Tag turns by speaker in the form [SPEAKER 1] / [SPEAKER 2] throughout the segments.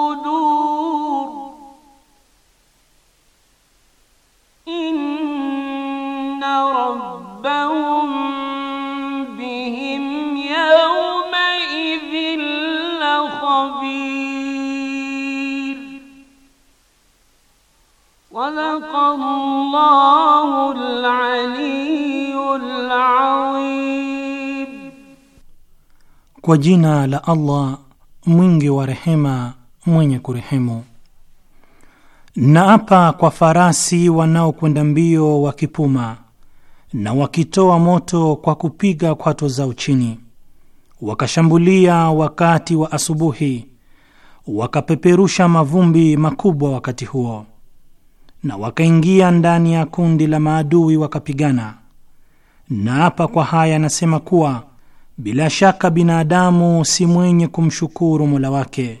[SPEAKER 1] الصدور إن ربهم بهم يومئذ لخبير صدق الله العلي العظيم
[SPEAKER 2] Kwa jina la Allah mwingi wa rehema mwenye kurehemu. Naapa kwa farasi wanaokwenda mbio wakipuma na wakitoa moto kwa kupiga kwato zao chini, wakashambulia wakati wa asubuhi, wakapeperusha mavumbi makubwa wakati huo, na wakaingia ndani ya kundi la maadui wakapigana. Naapa kwa haya anasema kuwa bila shaka binadamu si mwenye kumshukuru Mola wake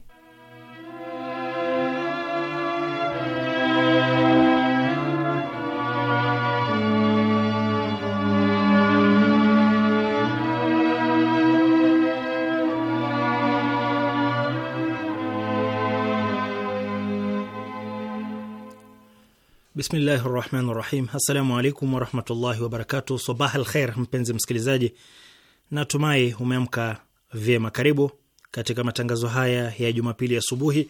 [SPEAKER 2] Bismillahi rahmani rahim. Assalamu alaikum warahmatullahi wabarakatu. Sabah al mpenzi msikilizaji, natumai umeamka vyema. Karibu katika matangazo haya ya Jumapili asubuhi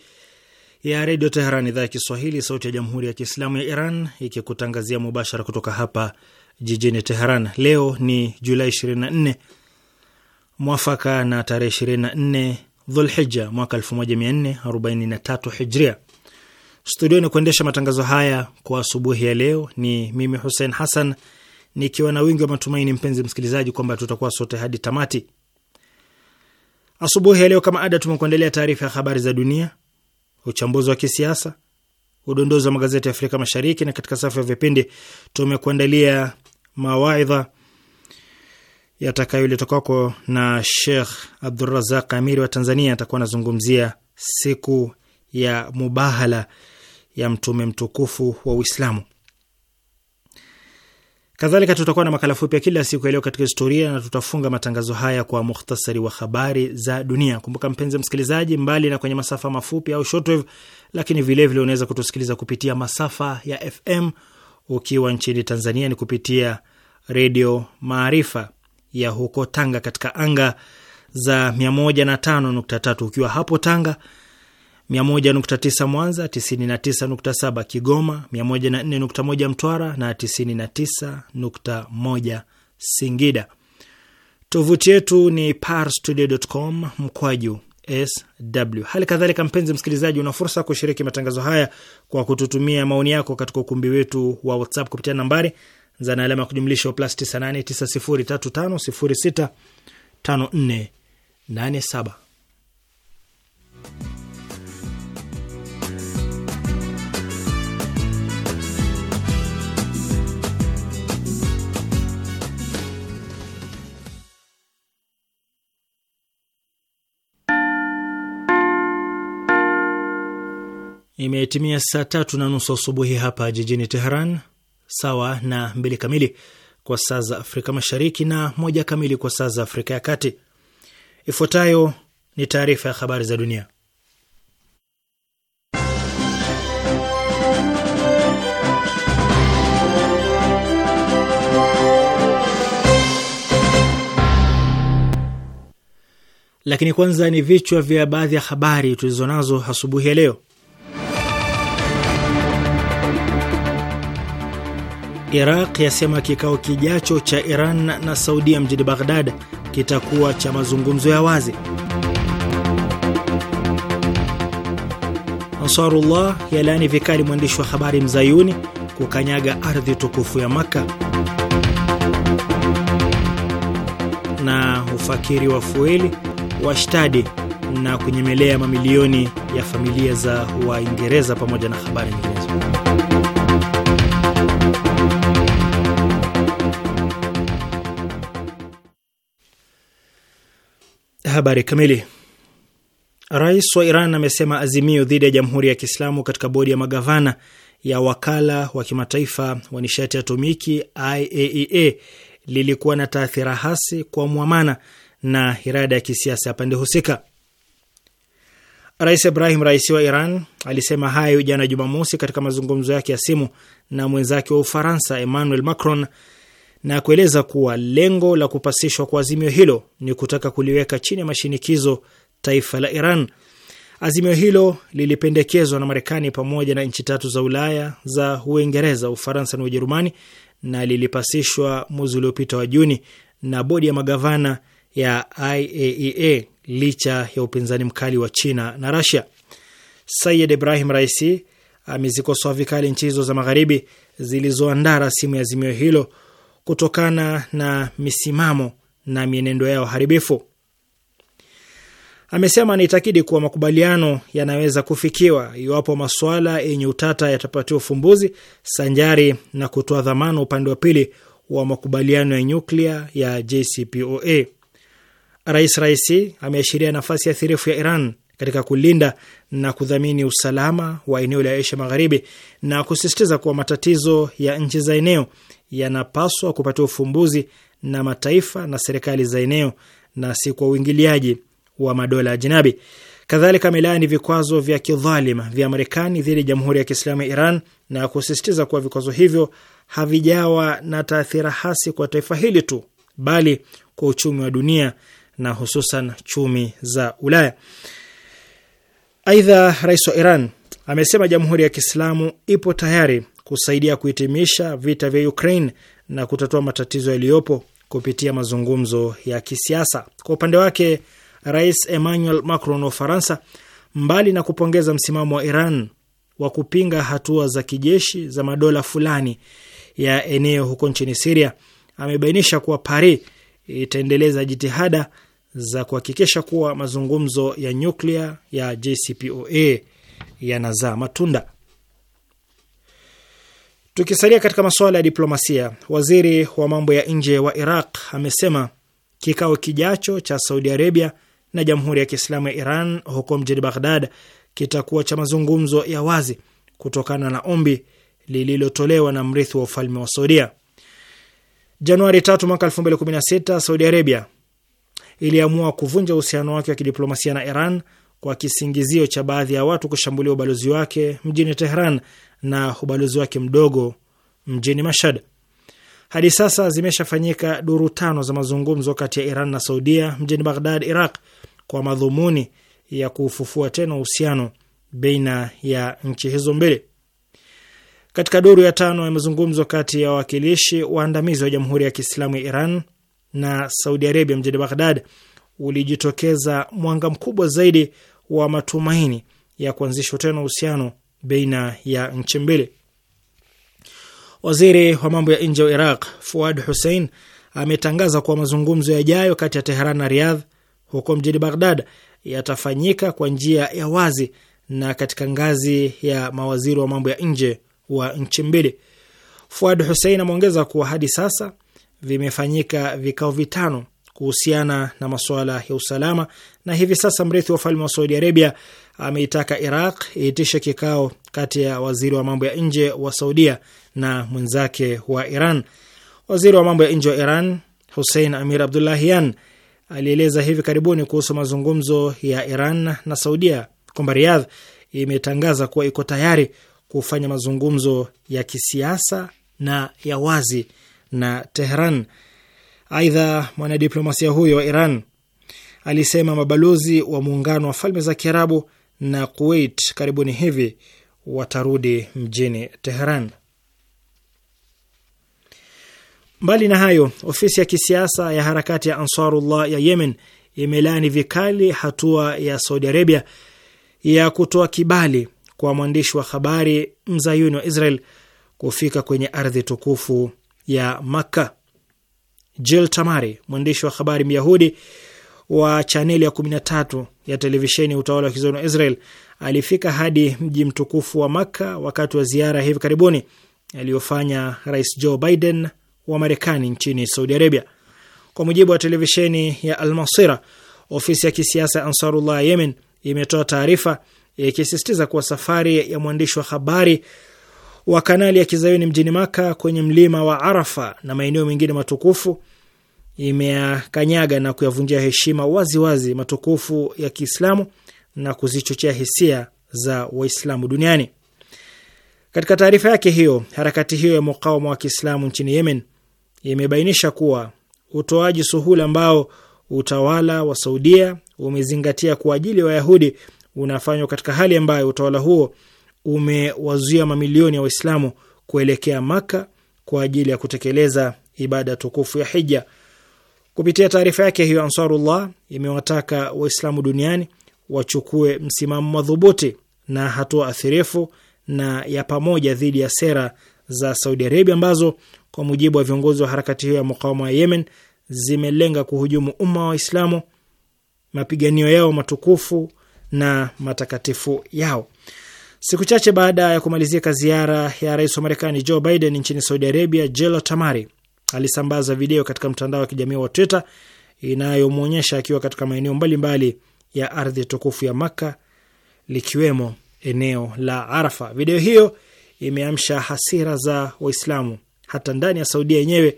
[SPEAKER 2] ya, ya Redio Teheran, idhaa ya Kiswahili, sauti ya Jamhuri ya Kiislamu ya Iran, ikikutangazia mubashara kutoka hapa jijini Teheran. Leo ni Julai 24 mwafaka na tarehe 24 Dhulhija mwaka 1443 Hijria. Studioni kuendesha matangazo haya kwa asubuhi ya leo ni mimi Hussein Hassan, nikiwa na wingi wa matumaini, mpenzi msikilizaji, kwamba tutakuwa sote hadi tamati. Asubuhi ya leo kama ada, tumekuandalia taarifa ya habari za dunia, uchambuzi wa kisiasa, udondozi wa magazeti ya Afrika Mashariki, na katika safu ya vipindi tumekuandalia mawaidha yatakayoletwa kwako na Sheikh Abdurazaq Amiri wa Tanzania, atakuwa anazungumzia siku ya mubahala ya mtume mtukufu wa Uislamu. Kadhalika tutakuwa na makala fupi ya kila siku yaliyo katika historia, na tutafunga matangazo haya kwa muhtasari wa habari za dunia. Kumbuka mpenzi msikilizaji, mbali na kwenye masafa mafupi au shortwave, lakini vilevile unaweza kutusikiliza kupitia masafa ya FM ukiwa nchini Tanzania ni kupitia Redio Maarifa ya huko Tanga katika anga za 105.3 ukiwa hapo Tanga 101.9 Mwanza, 99.7 Kigoma, 104.1 Mtwara na 99.1 Singida. Tovuti yetu ni parstoday.com mkwaju sw. Hali kadhalika, mpenzi msikilizaji, una fursa ya kushiriki matangazo haya kwa kututumia maoni yako katika ukumbi wetu wa WhatsApp kupitia nambari za na alama ya kujumlisha plus 989035065487. Imetimia saa tatu na nusu asubuhi hapa jijini Teheran, sawa na mbili kamili kwa saa za Afrika Mashariki na moja kamili kwa saa za Afrika ya Kati. Ifuatayo ni taarifa ya habari za dunia, lakini kwanza ni vichwa vya baadhi ya habari tulizonazo asubuhi ya leo. Iraq yasema kikao kijacho cha Iran na Saudia mjini Baghdad kitakuwa cha mazungumzo ya wazi. Ansarullah yalaani vikali mwandishi wa habari mzayuni kukanyaga ardhi tukufu ya Makka, na ufakiri wa fueli washtadi na kunyemelea mamilioni ya familia za Waingereza, pamoja na habari nyinginezo. Habari kamili. Rais wa Iran amesema azimio dhidi ya Jamhuri ya Kiislamu katika bodi ya magavana ya wakala wa kimataifa wa nishati atomiki IAEA e lilikuwa na taathira hasi kwa mwamana na irada ya kisiasa ya pande husika. Rais Ibrahim Raisi wa Iran alisema hayo jana Jumamosi katika mazungumzo yake ya simu na mwenzake wa Ufaransa Emmanuel Macron na kueleza kuwa lengo la kupasishwa kwa azimio hilo ni kutaka kuliweka chini ya mashinikizo taifa la Iran. Azimio hilo lilipendekezwa na Marekani pamoja na nchi tatu za Ulaya za Uingereza, Ufaransa na Ujerumani na lilipasishwa mwezi uliopita wa Juni na bodi ya magavana ya IAEA e licha ya upinzani mkali wa China na Rasia. Sayid Ibrahim Raisi amezikosoa vikali nchi hizo za magharibi zilizoandaa rasimu ya azimio hilo kutokana na misimamo na mienendo yao haribifu. Amesema anaitakidi kuwa makubaliano yanaweza kufikiwa iwapo masuala yenye utata yatapatiwa ufumbuzi sanjari na kutoa dhamana upande wa pili wa makubaliano ya nyuklia ya JCPOA. Rais Raisi ameashiria nafasi ya thirifu ya Iran katika kulinda na kudhamini usalama wa eneo la Asia Magharibi na kusisitiza kuwa matatizo ya nchi za eneo yanapaswa kupatiwa ufumbuzi na mataifa na serikali za eneo na si kwa uingiliaji wa madola jinabi Kadhalika amelaani vikwazo vya kidhalima vya Marekani dhidi ya Jamhuri ya Kiislamu ya Iran na kusisitiza kuwa vikwazo hivyo havijawa na taathira hasi kwa taifa hili tu, bali kwa uchumi wa dunia na hususan chumi za Ulaya. Aidha, rais wa Iran amesema Jamhuri ya Kiislamu ipo tayari kusaidia kuhitimisha vita vya Ukraine na kutatua matatizo yaliyopo kupitia mazungumzo ya kisiasa. Kwa upande wake, Rais Emmanuel Macron wa Ufaransa, mbali na kupongeza msimamo wa Iran wa kupinga hatua za kijeshi za madola fulani ya eneo huko nchini Siria, amebainisha kuwa Paris itaendeleza jitihada za kuhakikisha kuwa mazungumzo ya nyuklia ya JCPOA yanazaa matunda. Tukisalia katika masuala ya diplomasia, waziri wa mambo ya nje wa Iraq amesema kikao kijacho cha Saudi Arabia na Jamhuri ya Kiislamu ya Iran huko mjini Baghdad kitakuwa cha mazungumzo ya wazi kutokana na ombi lililotolewa na mrithi wa ufalme wa Saudia. Januari 3 mwaka 2016, Saudi Arabia iliamua kuvunja uhusiano wake wa kidiplomasia na Iran kwa kisingizio cha baadhi ya watu kushambulia ubalozi wake mjini Tehran na ubalozi wake mdogo mjini Mashhad. Hadi sasa zimeshafanyika duru tano za mazungumzo kati ya Iran na Saudia mjini Baghdad, Iraq, kwa madhumuni ya kufufua tena uhusiano baina ya nchi hizo mbili. Katika duru ya tano ya mazungumzo kati ya wawakilishi waandamizi wa Jamhuri ya Kiislamu ya Iran na Saudi Arabia mjini Baghdad ulijitokeza mwanga mkubwa zaidi wa matumaini ya kuanzishwa tena uhusiano baina ya nchi mbili. Waziri wa mambo ya nje wa Iraq Fuad Hussein ametangaza kuwa mazungumzo yajayo kati ya Teheran na Riyadh huko mjini Baghdad yatafanyika kwa njia ya wazi na katika ngazi ya mawaziri wa mambo ya nje wa nchi mbili. Fuad Hussein ameongeza kuwa hadi sasa vimefanyika vikao vitano kuhusiana na masuala ya usalama, na hivi sasa mrithi wa ufalme wa Saudi Arabia ameitaka Iraq iitishe kikao kati ya waziri wa mambo ya nje wa Saudia na mwenzake wa Iran. Waziri wa mambo ya nje wa Iran Hussein Amir Abdullahian alieleza hivi karibuni kuhusu mazungumzo ya Iran na Saudia kwamba Riyadh imetangaza kuwa iko tayari kufanya mazungumzo ya kisiasa na ya wazi na Tehran. Aidha, mwanadiplomasia huyo wa Iran alisema mabalozi wa Muungano wa Falme za Kiarabu na Kuwait karibuni hivi watarudi mjini Teheran. Mbali na hayo, ofisi ya kisiasa ya harakati ya Ansarullah ya Yemen imelaani vikali hatua ya Saudi Arabia ya kutoa kibali kwa mwandishi wa habari mzayuni wa Israel kufika kwenye ardhi tukufu ya Makka. Jill Tamari, mwandishi wa habari Myahudi wa chaneli ya 13 ya televisheni ya utawala wa kizoni wa Israel alifika hadi mji mtukufu wa Makka wakati wa ziara hivi karibuni aliyofanya Rais Joe Biden wa Marekani nchini Saudi Arabia. Kwa mujibu wa televisheni ya Almasira, ofisi ya kisiasa ya Ansarullah ya Yemen imetoa taarifa ikisisitiza kuwa safari ya mwandishi wa habari wa kanali ya kizayuni mjini Maka kwenye mlima wa Arafa na maeneo mengine matukufu imeyakanyaga na kuyavunjia heshima waziwazi wazi matukufu ya Kiislamu na kuzichochea hisia za Waislamu duniani. Katika taarifa yake hiyo, harakati hiyo ya mukawama wa Kiislamu nchini Yemen imebainisha kuwa utoaji suhula ambao utawala wa Saudia umezingatia kwa ajili ya wa Wayahudi unafanywa katika hali ambayo utawala huo umewazuia mamilioni ya wa Waislamu kuelekea Maka kwa ajili ya kutekeleza ibada tukufu ya hija. Kupitia taarifa yake hiyo, Ansarullah imewataka Waislamu duniani wachukue msimamo madhubuti na hatua athirifu na ya pamoja dhidi ya sera za Saudi Arabia ambazo kwa mujibu wa viongozi wa harakati hiyo ya mukawama wa Yemen zimelenga kuhujumu umma wa Waislamu, mapiganio yao matukufu na matakatifu yao. Siku chache baada ya kumalizika ziara ya rais wa Marekani Joe Biden nchini Saudi Arabia, Jelo Tamari alisambaza video katika mtandao wa kijamii wa Twitter inayomwonyesha akiwa katika maeneo mbalimbali ya ardhi tukufu ya Makka likiwemo eneo la Arafa. Video hiyo imeamsha hasira za Waislamu hata ndani ya Saudia yenyewe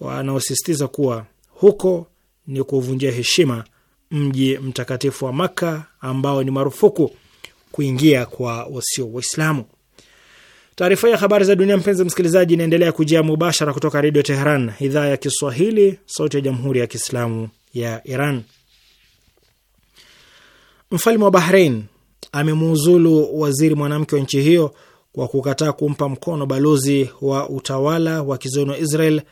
[SPEAKER 2] wanaosisitiza kuwa huko ni kuvunjia heshima mji mtakatifu wa Makka ambao ni marufuku kuingia kwa wasio Waislamu. Taarifa ya habari za dunia, mpenzi msikilizaji, inaendelea kujia mubashara kutoka Redio Teheran, idhaa ya Kiswahili, sauti ya Jamhuri ya Kiislamu ya Iran. Mfalme wa bahrein amemuuzulu waziri mwanamke wa nchi hiyo kwa kukataa kumpa mkono balozi wa utawala wa kizayuni wa Israel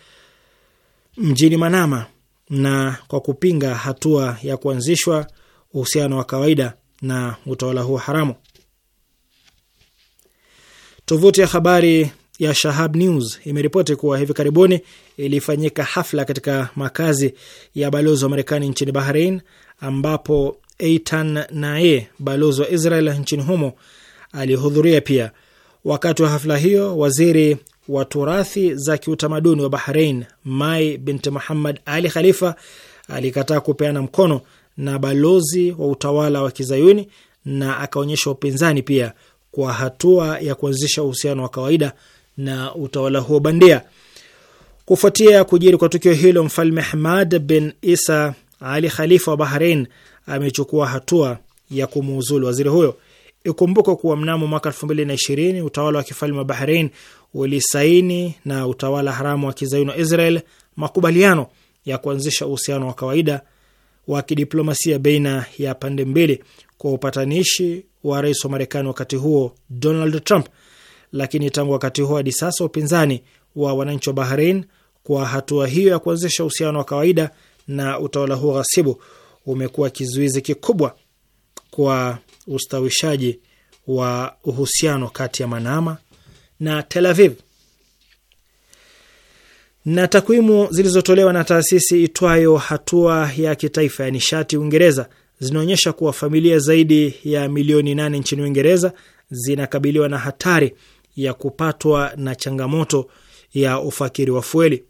[SPEAKER 2] mjini Manama na kwa kupinga hatua ya kuanzishwa uhusiano wa kawaida na utawala huo haramu. Tovuti ya habari ya Shahab News imeripoti kuwa hivi karibuni ilifanyika hafla katika makazi ya balozi wa Marekani nchini Bahrain, ambapo Eitan Nae, balozi wa Israel nchini humo, alihudhuria pia. Wakati wa hafla hiyo, waziri wa turathi za kiutamaduni wa Bahrain Mai bint Muhammad Ali Khalifa alikataa kupeana mkono na balozi wa utawala wa kizayuni na akaonyesha upinzani pia kwa hatua ya kuanzisha uhusiano wa kawaida na utawala huo bandia. Kufuatia kujiri kwa tukio hilo, mfalme Hamad bin Isa Ali Khalifa wa Bahrain amechukua hatua ya kumuuzulu waziri huyo. Ikumbukwe kuwa mnamo mwaka elfu mbili na ishirini utawala wa kifalme wa Bahrain ulisaini na utawala haramu wa kizayuni wa Israel makubaliano ya kuanzisha uhusiano wa kawaida wa kidiplomasia baina ya pande mbili kwa upatanishi wa rais wa Marekani wakati huo Donald Trump. Lakini tangu wakati huo hadi sasa upinzani wa wananchi wa Bahrain kwa hatua hiyo ya kuanzisha uhusiano wa kawaida na utawala huo ghasibu umekuwa kizuizi kikubwa kwa ustawishaji wa uhusiano kati ya Manama na Tel Aviv. Na takwimu zilizotolewa na taasisi itwayo Hatua ya Kitaifa ya Nishati Uingereza zinaonyesha kuwa familia zaidi ya milioni nane nchini Uingereza zinakabiliwa na hatari ya kupatwa na changamoto ya ufakiri wa fueli.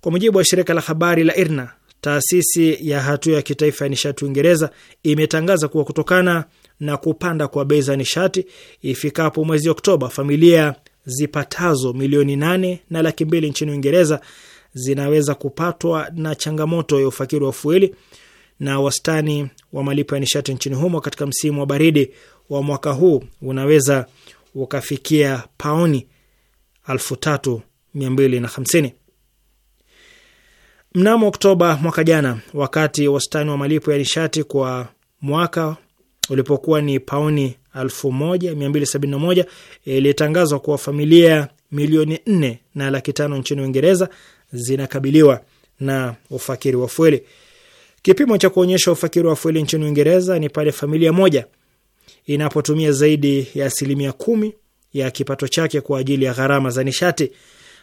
[SPEAKER 2] Kwa mujibu wa shirika la habari la IRNA, taasisi ya hatua ya kitaifa ya nishati Uingereza imetangaza kuwa kutokana na kupanda kwa bei za nishati, ifikapo mwezi Oktoba, familia zipatazo milioni nane na laki mbili nchini Uingereza zinaweza kupatwa na changamoto ya ufakiri wa fueli na wastani wa malipo ya nishati nchini humo katika msimu wa baridi wa mwaka huu unaweza ukafikia paoni 3250 tatu hamsini. Mnamo Oktoba mwaka jana, wakati wastani wa malipo ya nishati kwa mwaka ulipokuwa ni paoni 1271 ilitangazwa kuwa familia milioni 4 na laki tano nchini Uingereza zinakabiliwa na ufakiri wa fueli. Kipimo cha kuonyesha ufakiri wa fueli nchini Uingereza ni pale familia moja inapotumia zaidi ya asilimia kumi ya kipato chake kwa ajili ya gharama za nishati.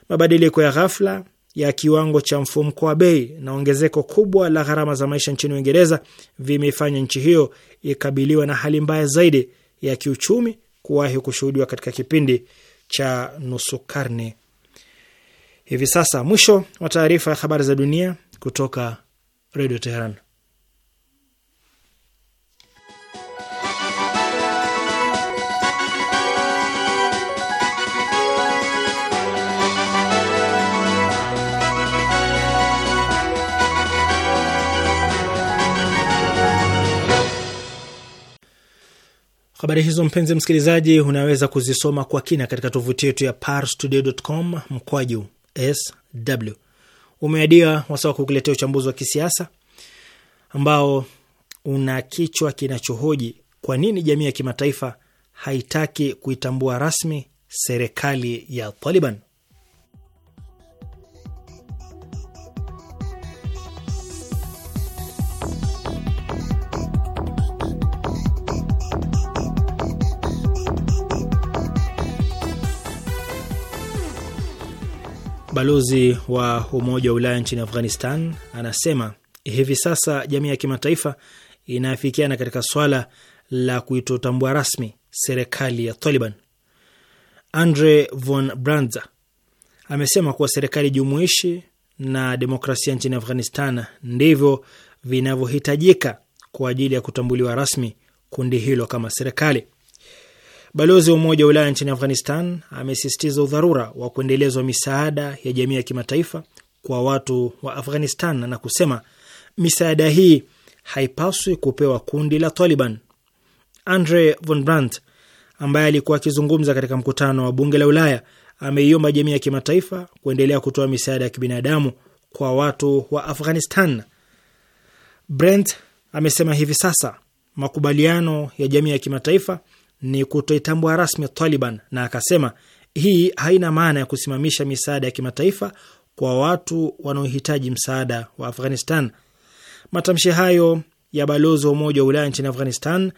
[SPEAKER 2] Mabadiliko ya ghafla ya kiwango cha mfumko wa bei na ongezeko kubwa la gharama za maisha nchini Uingereza vimeifanya nchi hiyo ikabiliwa na hali mbaya zaidi ya kiuchumi kuwahi kushuhudiwa katika kipindi cha nusu karne hivi sasa. Mwisho wa taarifa ya habari za dunia kutoka Redio Teheran. Habari hizo mpenzi msikilizaji, unaweza kuzisoma kwa kina katika tovuti yetu ya parstoday.com mkwaju sw umeadia wasaa wa kukuletea uchambuzi wa kisiasa ambao una kichwa kinachohoji kwa nini jamii ya kimataifa haitaki kuitambua rasmi serikali ya Taliban. Balozi wa Umoja wa Ulaya nchini Afghanistan anasema hivi sasa jamii ya kimataifa inafikiana katika swala la kuitotambua rasmi serikali ya Taliban. Andre von Branza amesema kuwa serikali jumuishi na demokrasia nchini Afghanistan ndivyo vinavyohitajika kwa ajili ya kutambuliwa rasmi kundi hilo kama serikali. Balozi wa Umoja wa Ulaya nchini Afghanistan amesisitiza udharura wa kuendelezwa misaada ya jamii ya kimataifa kwa watu wa Afghanistan na kusema misaada hii haipaswi kupewa kundi la Taliban. Andre von Brandt ambaye alikuwa akizungumza katika mkutano wa bunge la Ulaya ameiomba jamii ya kimataifa kuendelea kutoa misaada ya kibinadamu kwa watu wa Afghanistan. Brent amesema hivi sasa makubaliano ya jamii ya kimataifa ni kutoitambua rasmi Taliban, na akasema hii haina maana ya kusimamisha misaada ya kimataifa kwa watu wanaohitaji msaada wa Afghanistan. Matamshi hayo ya balozi wa Umoja wa Ulaya nchini Afghanistan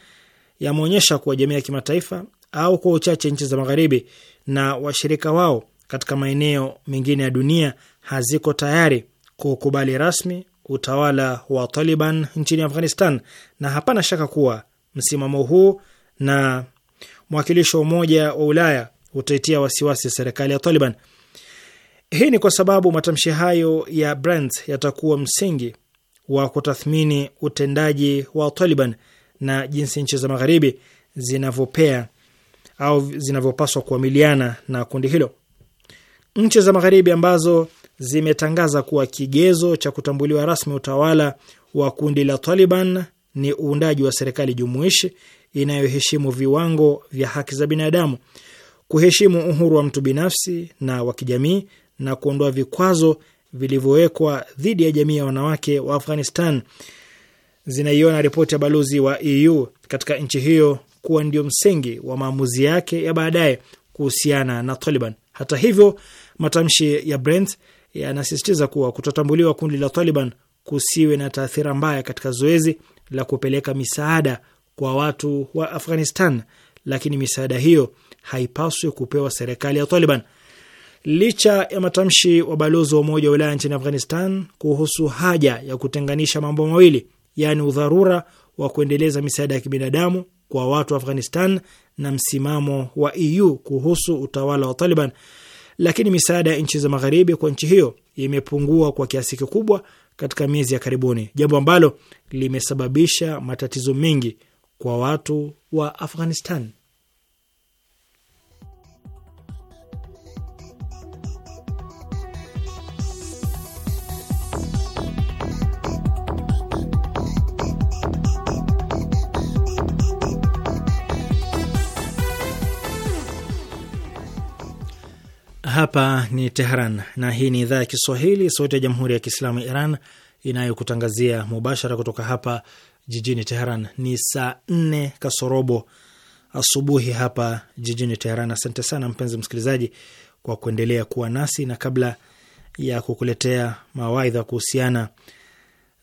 [SPEAKER 2] yameonyesha kuwa jamii ya kimataifa au kwa uchache nchi za Magharibi na washirika wao katika maeneo mengine ya dunia haziko tayari kukubali rasmi utawala wa Taliban nchini Afghanistan, na hapana shaka kuwa msimamo huu na mwakilishi wa Umoja wa Ulaya utaitia wasiwasi serikali ya Taliban. Hii ni kwa sababu matamshi hayo ya Brands yatakuwa msingi wa kutathmini utendaji wa Taliban na jinsi nchi za Magharibi zinavyopea au zinavyopaswa kuamiliana na kundi hilo. Nchi za Magharibi ambazo zimetangaza kuwa kigezo cha kutambuliwa rasmi utawala wa kundi la Taliban ni uundaji wa serikali jumuishi inayoheshimu viwango vya haki za binadamu, kuheshimu uhuru wa mtu binafsi na wa kijamii, na kuondoa vikwazo vilivyowekwa dhidi ya jamii ya wanawake wa Afghanistan zinaiona ripoti ya balozi wa EU katika nchi hiyo kuwa ndio msingi wa maamuzi yake ya baadaye kuhusiana na Taliban. Hata hivyo, matamshi ya Brent yanasisitiza kuwa kutotambuliwa kundi la Taliban kusiwe na taathira mbaya katika zoezi la kupeleka misaada kwa watu wa Afghanistan, lakini misaada hiyo haipaswi kupewa serikali ya Taliban. Licha ya matamshi wa balozi wa Umoja wa Ulaya nchini Afghanistan kuhusu haja ya kutenganisha mambo mawili, yaani udharura wa kuendeleza misaada ya kibinadamu kwa watu wa Afghanistan na msimamo wa EU kuhusu utawala wa Taliban, lakini misaada ya nchi za magharibi kwa nchi hiyo imepungua kwa kiasi kikubwa katika miezi ya karibuni, jambo ambalo limesababisha matatizo mengi kwa watu wa Afghanistan. Hapa ni Tehran na hii ni idhaa ya Kiswahili, sauti ya jamhuri ya kiislamu ya Iran inayokutangazia mubashara kutoka hapa jijini Teheran. Ni saa nne kasorobo asubuhi hapa jijini Teheran. Asante sana mpenzi msikilizaji kwa kuendelea kuwa nasi, na kabla ya kukuletea mawaidha kuhusiana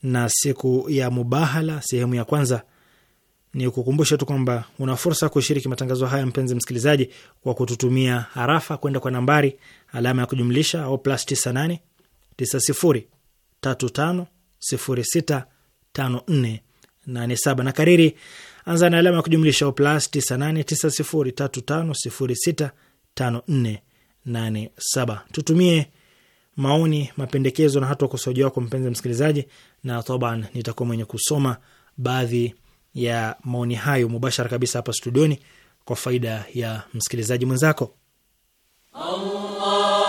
[SPEAKER 2] na siku ya Mubahala sehemu ya kwanza, ni kukumbusha tu kwamba una fursa ya kushiriki matangazo haya, mpenzi msikilizaji, kwa kututumia harafa kwenda kwa nambari alama ya kujumlisha au plus 98 90 35 06 54 87 na kariri anza na alama ya kujumlisha o plus 989035065487. Tutumie maoni, mapendekezo na hata ukosoaji wako mpenzi msikilizaji, na toban nitakuwa mwenye kusoma baadhi ya maoni hayo mubashara kabisa hapa studioni kwa faida ya msikilizaji mwenzako Allah.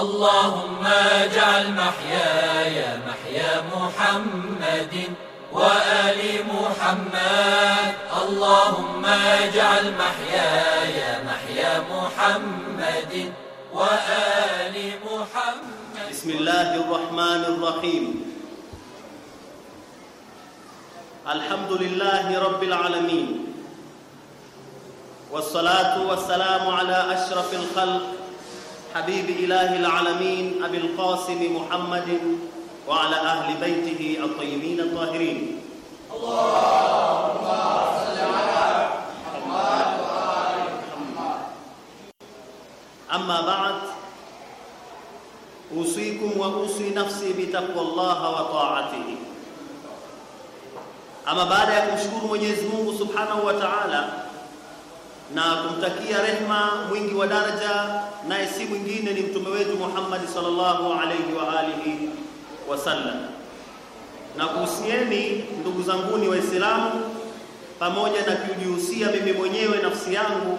[SPEAKER 1] اللهم اجعل محياي محيا محمد وآل محمد اللهم اجعل
[SPEAKER 3] محياي محيا محمد وآل محمد بسم الله الرحمن الرحيم الحمد لله رب العالمين والصلاة والسلام على أشرف الخلق حبيب إله العالمين أبي القاسم محمد وعلى أهل بيته الطيبين الطاهرين اللهم صل على محمد وآل محمد أما بعد أوصيكم وأوصي نفسي بتقوى الله وطاعته أما بعد أشكر kumshukuru Mwenyezi سبحانه وتعالى na kumtakia rehma mwingi wa daraja, naye si mwingine ni mtume wetu Muhammad sallallahu alayhi wa alihi wasallam. Na kuhusieni ndugu zanguni Waislamu, pamoja na kujihusia mimi mwenyewe nafsi yangu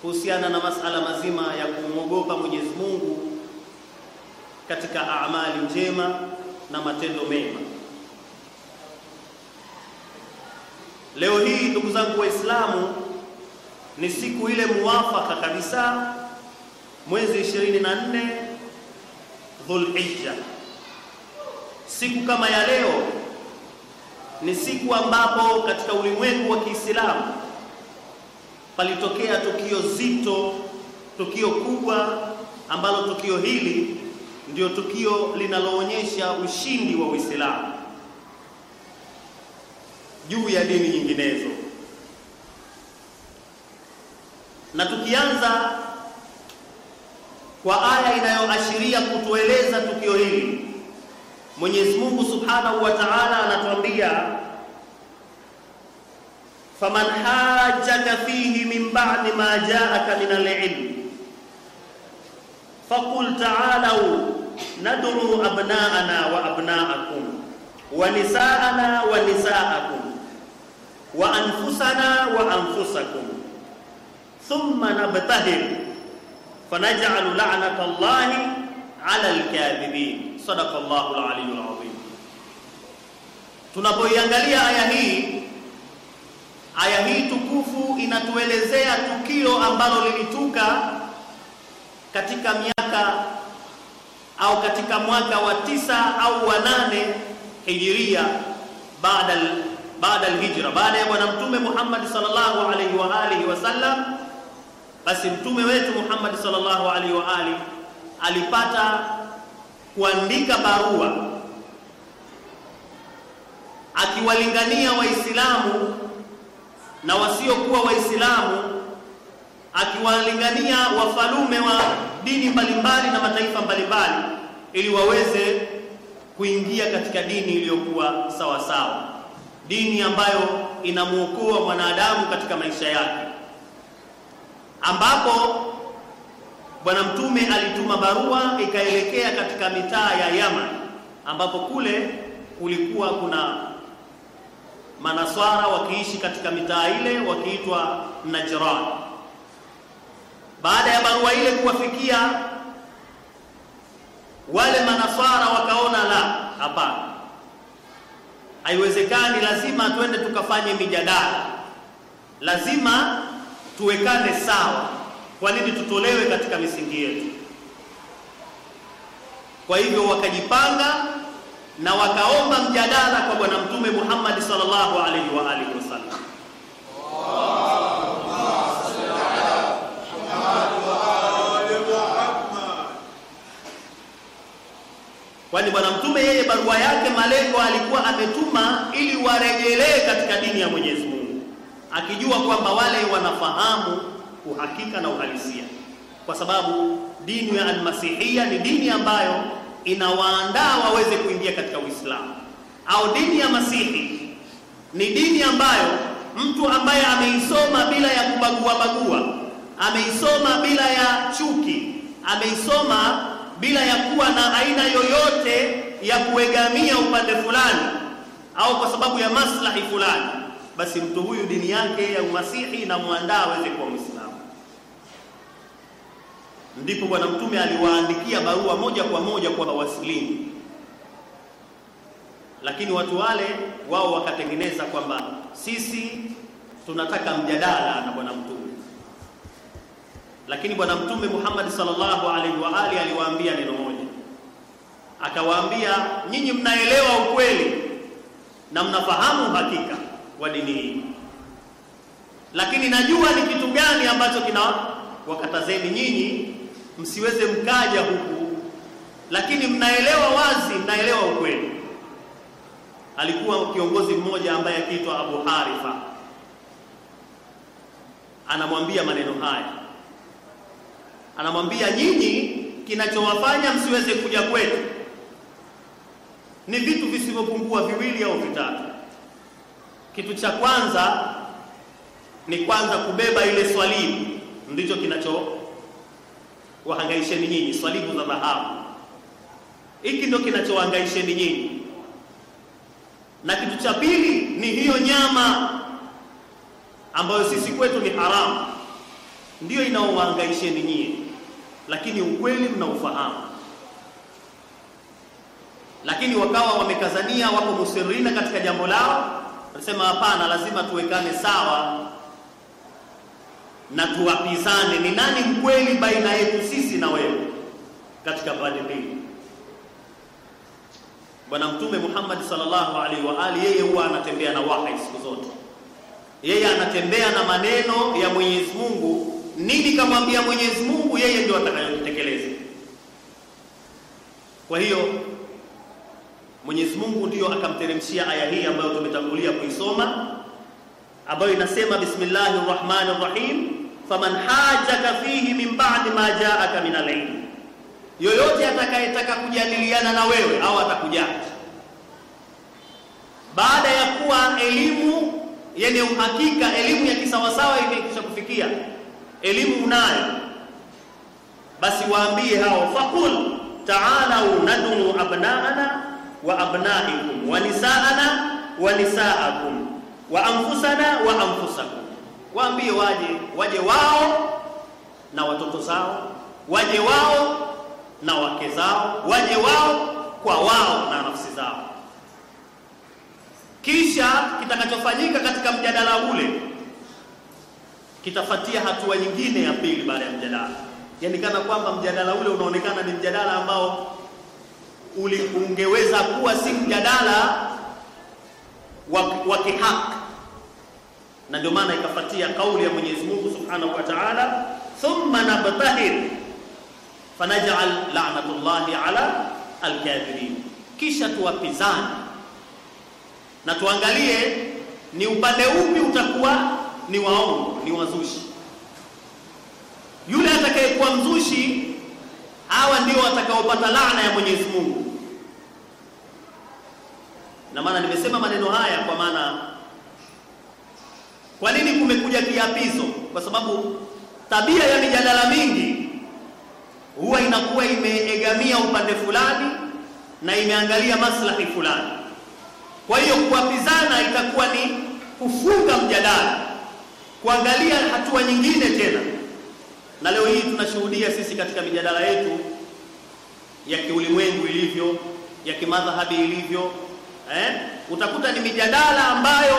[SPEAKER 3] kuhusiana na masala mazima ya kumwogopa Mwenyezi Mungu katika amali njema na matendo mema. Leo hii ndugu zangu Waislamu ni siku ile muwafaka kabisa mwezi 24 Dhulhijja. Siku kama ya leo ni siku ambapo katika ulimwengu wa Kiislamu palitokea tukio zito, tukio kubwa ambalo tukio hili ndio tukio linaloonyesha ushindi wa Uislamu juu ya dini nyinginezo na tukianza kwa aya inayoashiria kutueleza tukio hili, Mwenyezi Mungu Subhanahu wa Ta'ala anatuambia faman hajjaka fihi min ba'di ma ja'aka min al-'ilm faqul ta'alu nad'u abna'ana wa abna'akum wa nisa'ana wa nisa'akum wa anfusana wa anfusakum thumma nabtahil fanaj'alu la'nata Allahi 'ala al-kadhibin. Sadaqa Allahu al-'aliyyul 'azim. Tunapoiangalia aya hii, aya hii tukufu inatuelezea tukio ambalo lilituka katika miaka au katika mwaka wa tisa au wa nane hijiria baada baada al-hijra, baada ya bwana mtume Muhammad sallallahu alaihi wa alihi wasallam basi mtume wetu Muhammad sallallahu alaihi wa ali alipata kuandika barua akiwalingania Waislamu na wasiokuwa Waislamu, akiwalingania wafalume wa dini mbalimbali na mataifa mbalimbali, ili waweze kuingia katika dini iliyokuwa sawasawa, dini ambayo inamwokoa mwanadamu katika maisha yake ambapo Bwana Mtume alituma barua ikaelekea katika mitaa ya Yaman, ambapo kule kulikuwa kuna manaswara wakiishi katika mitaa ile wakiitwa Najran. Baada ya barua ile kuwafikia wale manaswara, wakaona la, hapana, haiwezekani, lazima twende tukafanye mijadala, lazima tuwekane sawa, kwa nini tutolewe katika misingi yetu? Kwa hivyo wakajipanga
[SPEAKER 4] na wakaomba mjadala kwa Bwana
[SPEAKER 3] Mtume Muhammad sallallahu alaihi wa alihi wasallam. Kwani Bwana Mtume yeye barua yake malengo alikuwa ametuma ili warejelee katika dini ya Mwenyezi Mungu akijua kwamba wale wanafahamu uhakika na uhalisia, kwa sababu dini ya almasihia ni dini ambayo inawaandaa waweze kuingia katika Uislamu, au dini ya masihi ni dini ambayo mtu ambaye ameisoma bila ya kubagua bagua, ameisoma bila ya chuki, ameisoma bila ya kuwa na aina yoyote ya kuegamia upande fulani au kwa sababu ya maslahi fulani basi mtu huyu dini yake ya umasihi inamwandaa aweze kuwa Muislamu. Ndipo Bwana Mtume aliwaandikia barua moja kwa moja kwa wasilimu, lakini watu wale wao wakatengeneza kwamba sisi tunataka mjadala na Bwana Mtume, lakini Bwana Mtume Muhammad sallallahu alaihi wa ali aliwaambia neno moja, akawaambia nyinyi mnaelewa ukweli na mnafahamu hakika wa dini hii, lakini najua ni kitu gani ambacho kina wakatazeni nyinyi msiweze mkaja huku, lakini mnaelewa wazi, mnaelewa ukweli. Alikuwa kiongozi mmoja ambaye akiitwa Abu Harifa, anamwambia maneno haya, anamwambia nyinyi, kinachowafanya msiweze kuja kwetu ni vitu visivyopungua viwili au vitatu. Kitu cha kwanza ni kwanza kubeba ile swalibu, ndicho kinachowahangaisheni nyinyi, swalibu za dhahabu. Hiki ndio kinachowahangaisheni nyinyi. Na kitu cha pili ni hiyo nyama ambayo sisi kwetu ni haramu, ndiyo inaowahangaisheni nyinyi, lakini ukweli mnaufahamu lakini wakawa wamekazania, wako musirina katika jambo lao Anasema hapana, lazima tuwekane sawa na tuwapizane, ni nani mkweli baina yetu sisi na wewe katika pande mbili. Bwana Mtume Muhammad sallallahu alaihi wa ali, yeye huwa anatembea na wahi siku zote, yeye anatembea na maneno ya Mwenyezi Mungu. Nini kamwambia Mwenyezi Mungu, yeye ndio atakayotekeleza. Kwa hiyo Mwenyezi Mungu ndiyo akamteremshia aya hii ambayo tumetangulia kuisoma ambayo inasema bismillahir rahmanir rahim faman hajaka fihi min ba'di ma ja'aka min al yoyote atakayetaka kujadiliana na wewe au atakujaji baada ya kuwa elimu yenye uhakika elimu ya kisawasawa imekwisha kufikia elimu unayo basi waambie hao fakul taalau nadu abnaana wa abnaikum wa nisaana wa nisaakum wa anfusana wa anfusakum, waambie waje waje wao na watoto zao, waje wao na wake zao, waje wao kwa wao na nafsi zao. Kisha kitakachofanyika katika mjadala ule kitafatia hatua nyingine ya pili baada ya mjadala, yaani kana kwamba mjadala ule unaonekana ni mjadala ambao ungeweza kuwa si mjadala wa kihak na ndio maana ikafuatia kauli ya Mwenyezi Mungu Subhanahu wa Ta'ala, thumma nabtahir fanaj'al la'natullahi ala alkafirin, kisha tuwapizane na tuangalie ni upande upi utakuwa ni waongo, ni wazushi. Yule atakayekuwa mzushi hawa ndio watakaopata laana ya Mwenyezi Mungu. Na maana nimesema maneno haya kwa maana, kwa nini kumekuja kiapizo? Kwa sababu tabia ya mijadala mingi huwa inakuwa imeegamia upande fulani na imeangalia maslahi fulani. Kwa hiyo kuapizana itakuwa ni kufunga mjadala, kuangalia hatua nyingine tena na leo hii tunashuhudia sisi katika mijadala yetu ya kiulimwengu ilivyo, ya kimadhahabi ilivyo, eh? Utakuta ni mijadala ambayo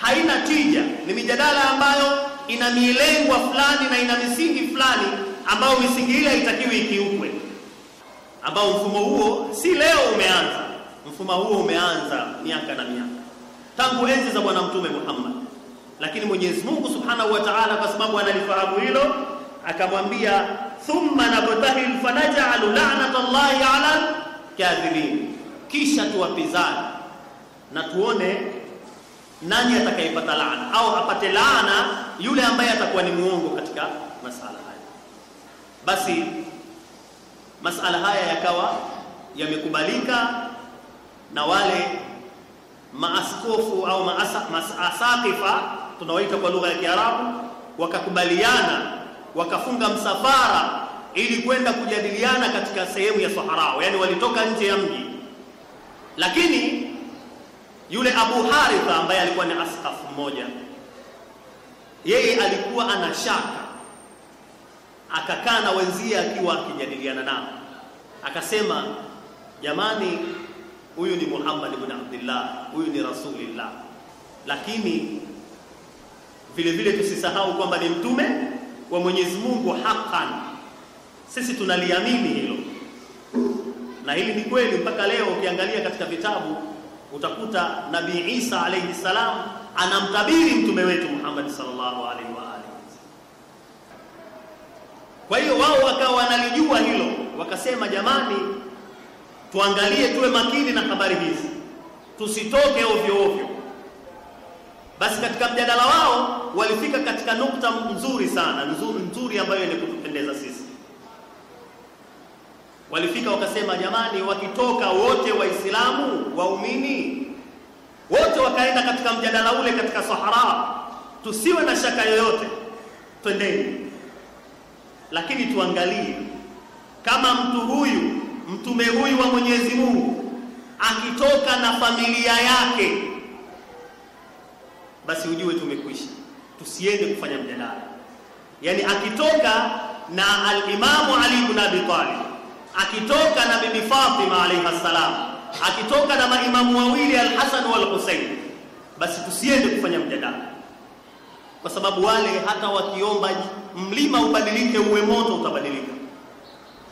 [SPEAKER 3] haina tija, ni mijadala ambayo ina milengwa fulani na ina misingi fulani ambayo misingi ile haitakiwi ikiukwe, ambao mfumo huo si leo umeanza. Mfumo huo umeanza miaka na miaka tangu enzi za Bwana Mtume Muhammad, lakini Mwenyezi Mungu Subhanahu wa Ta'ala, kwa sababu analifahamu hilo akamwambia thumma nabtahi fanaj'alu la'nata Allahi 'ala kadhibin, kisha tuwapizane na tuone nani atakayepata laana au apate laana yule ambaye atakuwa ni muongo katika masala haya. Basi masala haya yakawa yamekubalika na wale maaskofu au maasakifa tunawaita kwa lugha ya Kiarabu, wakakubaliana wakafunga msafara ili kwenda kujadiliana katika sehemu ya Saharao, yani walitoka nje ya mji. Lakini yule Abu Haritha ambaye alikuwa ni askafu mmoja, yeye alikuwa ana shaka, akakaa na wenzie akiwa akijadiliana nao, akasema jamani, huyu ni Muhammad ibn Abdullah, huyu ni Rasulillah, lakini vile vile tusisahau kwamba ni mtume wa Mwenyezi Mungu haqqan, sisi tunaliamini hilo, na hili ni kweli mpaka leo. Ukiangalia katika vitabu utakuta Nabii Isa alayhi salam anamtabiri mtume wetu Muhammad sallallahu alaihi wa alihi. Kwa hiyo wao wakawa wanalijua hilo, wakasema jamani, tuangalie tuwe makini na habari hizi, tusitoke ovyo ovyo basi katika mjadala wao walifika katika nukta nzuri sana nzuri, nzuri ambayo ni kutupendeza sisi. Walifika wakasema, jamani, wakitoka wote Waislamu waumini wote wakaenda katika mjadala ule katika Sahara, tusiwe na shaka yoyote, twendeni, lakini tuangalie kama mtu huyu mtume huyu wa Mwenyezi Mungu akitoka na familia yake basi ujue tumekwisha, tusiende kufanya mjadala. Yani akitoka na alimamu Ali ibn Abi Talib, akitoka na bibi Fatima alayha salam, akitoka na maimamu wawili al-Hasan wal Husain, basi tusiende kufanya mjadala, kwa sababu wale hata wakiomba mlima ubadilike uwe moto utabadilika.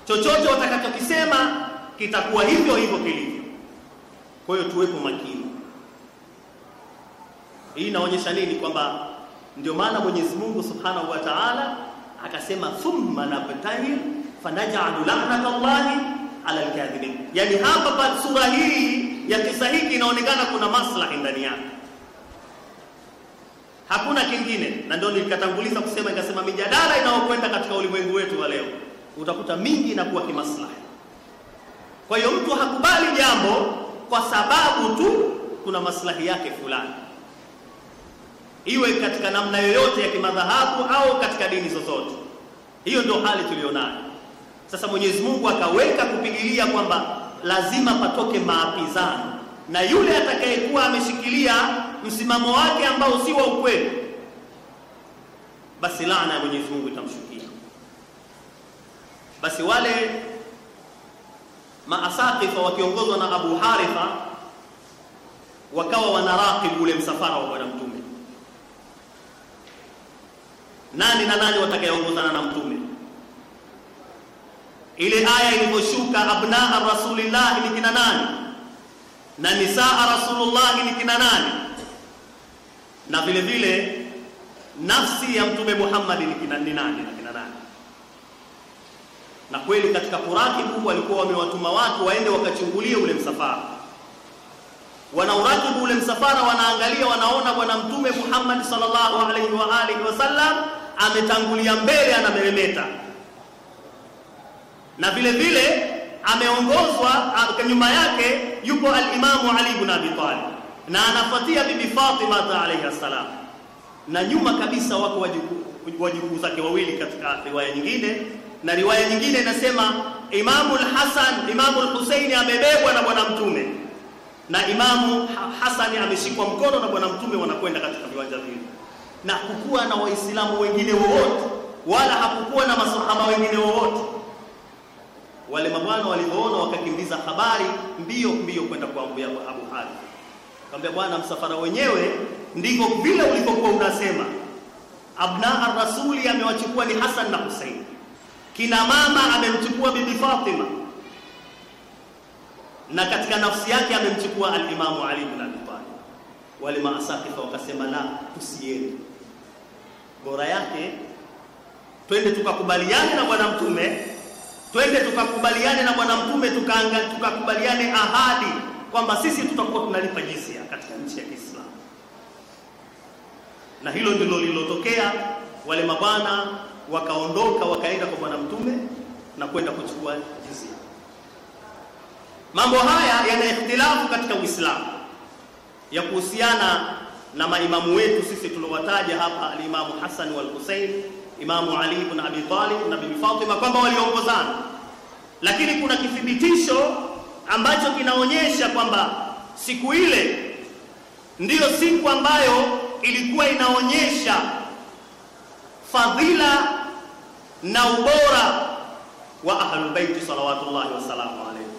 [SPEAKER 3] Chochote watakachokisema kitakuwa hivyo hivyo kilivyo. Kwa hiyo tuwepo makini. Hii inaonyesha nini? Kwamba ndio maana Mwenyezi Mungu Subhanahu wa Ta'ala akasema thumma nabtahil fanaj'alu lahnatallahi ala alkadhibin. Yani hapa pa sura hii ya kisa hiki inaonekana kuna maslahi ndani yake, hakuna kingine. Na ndio nilikatanguliza kusema, nikasema mijadala inayokwenda katika ulimwengu wetu wa leo utakuta mingi inakuwa kimaslahi. Kwa hiyo mtu hakubali jambo kwa sababu tu kuna maslahi yake fulani iwe katika namna yoyote ya kimadhahabu au katika dini zozote. Hiyo ndio hali tuliyonayo sasa. Mwenyezi Mungu akaweka kupigilia kwamba lazima patoke maapizano, na yule atakayekuwa ameshikilia msimamo wake ambao si wa ukweli, basi laana ya Mwenyezi Mungu itamshukia. Basi wale maasakifa wakiongozwa na Abu Haritha wakawa wanarakibu ule msafara wa bwana Mtume nani na nani watakayeongozana na mtume. Ile aya ilivyoshuka abnaa rasulillah ni kina nani na nisaa rasulullah ni kina nani, na vile vile nafsi ya mtume Muhammad ni kina nani na kina nani. Na kweli katika kuratibu walikuwa wamewatuma watu waende wakachungulie ule msafara, wanauratibu ule msafara, wanaangalia, wanaona bwana mtume Muhammad sallallahu alaihi wa alihi wasallam ametangulia mbele, anameremeta na vile vile ameongozwa nyuma yake yupo alimamu Ali ibn Abi Talib na anafuatia bibi Fatima alayha salam, na nyuma kabisa wako wajukuu zake wawili katika riwaya nyingine, na riwaya nyingine inasema Imamu al-Hasan, Imamu al-Husaini amebebwa na bwana mtume na Imamu Hasani ameshikwa mkono na bwana mtume, wanakwenda katika viwanja vile na kukuwa na waislamu wengine wowote wala hakukuwa na masahaba wengine wowote wale mabwana walivyoona wakakimbiza habari mbio mbio kwenda kuambia Abu Hali kaambia bwana msafara wenyewe ndiko vile ulivyokuwa unasema abna ar-rasuli amewachukua ni Hassan na Hussein kina mama amemchukua bibi Fatima na katika nafsi yake amemchukua al imam Ali ibn Abi Talib wale maasakifa wakasema la tusiende bora yake twende tukakubaliane na bwana mtume twende tukakubaliane na bwana mtume tukaanga tukakubaliane ahadi kwamba sisi tutakuwa tunalipa jizia katika nchi ya Kiislamu na hilo ndilo lililotokea wale mabwana wakaondoka wakaenda kwa bwana mtume na kwenda kuchukua jizia mambo haya yana ikhtilafu katika Uislamu ya kuhusiana na maimamu wetu sisi tuliowataja hapa alimamu Hasan wal Husein, imamu Ali ibn Abi Talib na bibi Fatima kwamba waliongozana, lakini kuna kithibitisho ambacho kinaonyesha kwamba siku ile ndiyo siku ambayo ilikuwa inaonyesha fadhila na ubora wa Ahlulbeiti salawatullahi wasalamu alaihi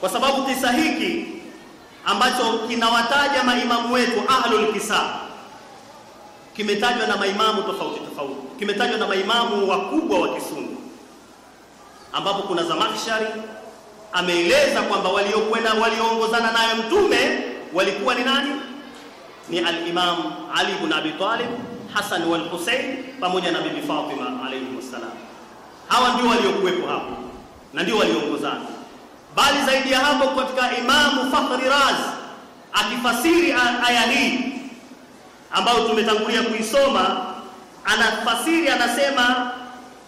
[SPEAKER 3] kwa sababu kisa hiki ambacho kinawataja maimamu wetu ahlul kisa kimetajwa na maimamu tofauti tofauti, kimetajwa na maimamu wakubwa wa Kisuni, ambapo kuna Zamakhshari ameeleza kwamba waliokwenda walioongozana naye mtume walikuwa ni nani? Ni al-Imam Ali ibn Abi Talib, Hasan wal Hussein pamoja na Bibi Fatima alayhi wassalam. Hawa ndio waliokuwepo hapo na ndio waliongozana bali zaidi ya hapo katika Imamu Fakhri Raz akifasiri aya hii ambayo tumetangulia kuisoma, anafasiri anasema,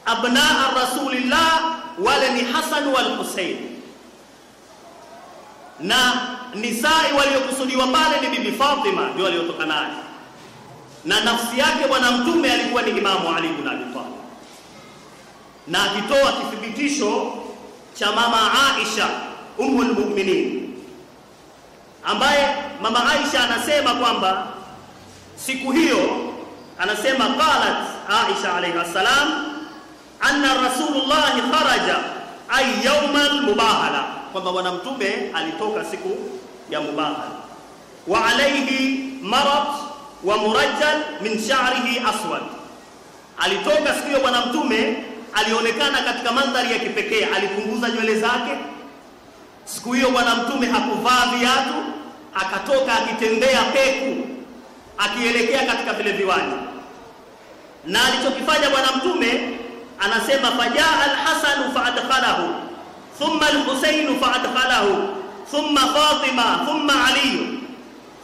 [SPEAKER 3] abnaa rasulillah wale ni Hasan wal Hussein na nisai waliokusudiwa pale ni Bibi Fatima, ndio waliotoka naye, na nafsi yake Bwana Mtume alikuwa ni Imamu Ali ibn Abi Talib, na akitoa kithibitisho cha mama Aisha ummul mu'minin, ambaye mama Aisha anasema kwamba siku hiyo anasema qalat Aisha alayha salam anna rasulullah kharaja ay yawmal mubahala, kwamba bwana mtume alitoka siku ya mubahala, wa alayhi marad wa murajjal min sha'rihi aswad, alitoka siku ya bwana mtume alionekana katika mandhari ya kipekee, alipunguza nywele zake. Siku hiyo Bwana Mtume hakuvaa viatu, akatoka akitembea peku, akielekea katika vile viwanja. Na alichokifanya Bwana Mtume anasema, fajaa alhasanu faadkhalahu thumma alhusainu faadkhalahu thumma Fatima thumma Ali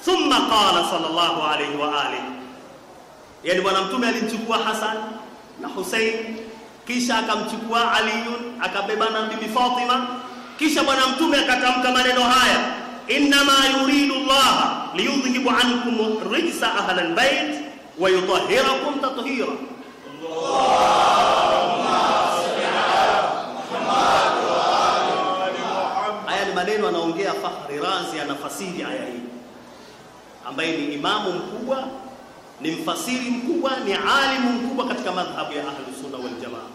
[SPEAKER 3] thumma qala sallallahu alayhi wa alihi. Yani Bwana Mtume alimchukua Hasan na Husain kisha akamchukua Aliyun na bibi Fatima, kisha bwana mtume akatamka maneno haya, innama yuridu Allah liyudhhibu ankum rijsa ahli albayt wa yutahhirakum tathira. Haya ni maneno anaongea Fakhri Razi, anafasiri aya hii ambaye ni imamu mkubwa ni mfasiri mkubwa ni alimu mkubwa katika madhhabu ya ahlu sunna wal jamaa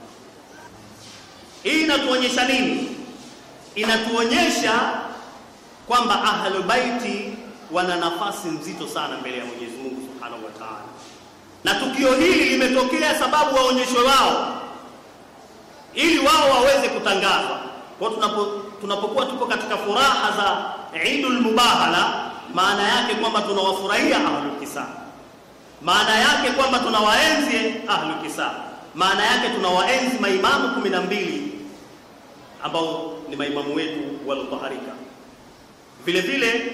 [SPEAKER 3] hii inatuonyesha nini inatuonyesha kwamba ahlu baiti wana nafasi nzito sana mbele ya Mwenyezi Mungu Subhanahu wa Ta'ala na tukio hili limetokea sababu waonyesho wao ili wao waweze kutangazwa kwa tunapo, tunapokuwa tuko katika furaha za Eidul Mubahala maana yake kwamba tunawafurahia ahlu kisani maana yake kwamba tunawaenzi ahlu kisa, maana yake tunawaenzi maimamu kumi na mbili ambao ni maimamu wetu waliotaharika. Vile vile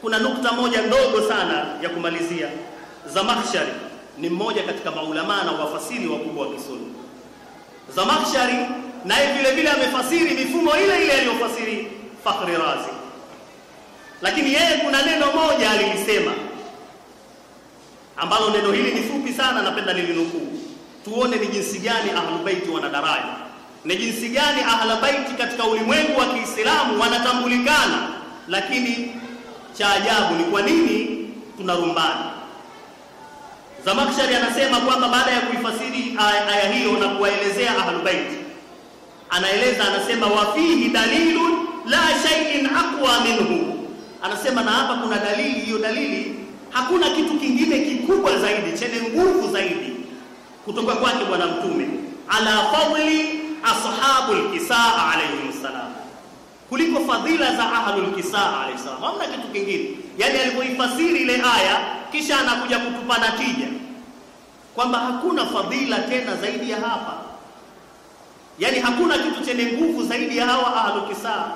[SPEAKER 3] kuna nukta moja ndogo sana ya kumalizia. Zamakhshari ni mmoja katika maulamaa na wafasiri wakubwa wa Kisuni. Zamakhshari naye vile vile amefasiri mifumo ile ile aliyofasiri Fakhri Razi, lakini yeye kuna neno moja alilisema ambalo neno hili ni fupi sana, napenda nilinukuu, tuone ni jinsi gani wana wanadaraja, ni jinsi gani Ahlulbeiti katika ulimwengu wa Kiislamu wanatambulikana. Lakini cha ajabu ni kwa nini tunarumbana? zamakshari anasema kwamba baada ya kuifasiri aya hiyo na kuwaelezea ahlubaiti anaeleza anasema, wafihi dalilun la shay'in aqwa minhu, anasema na hapa kuna dalili, hiyo dalili Hakuna kitu kingine kikubwa zaidi chenye nguvu zaidi kutoka kwake Bwana Mtume ala fadli ashabul kisaa alayhi salam, kuliko fadhila za ahlul kisaa alayhi salam. Hamna kitu kingine. Yani alipoifasiri ile aya, kisha anakuja kutupa natija kwamba hakuna fadhila tena zaidi ya hapa, yani hakuna kitu chenye nguvu zaidi ya hawa ahlul kisaa.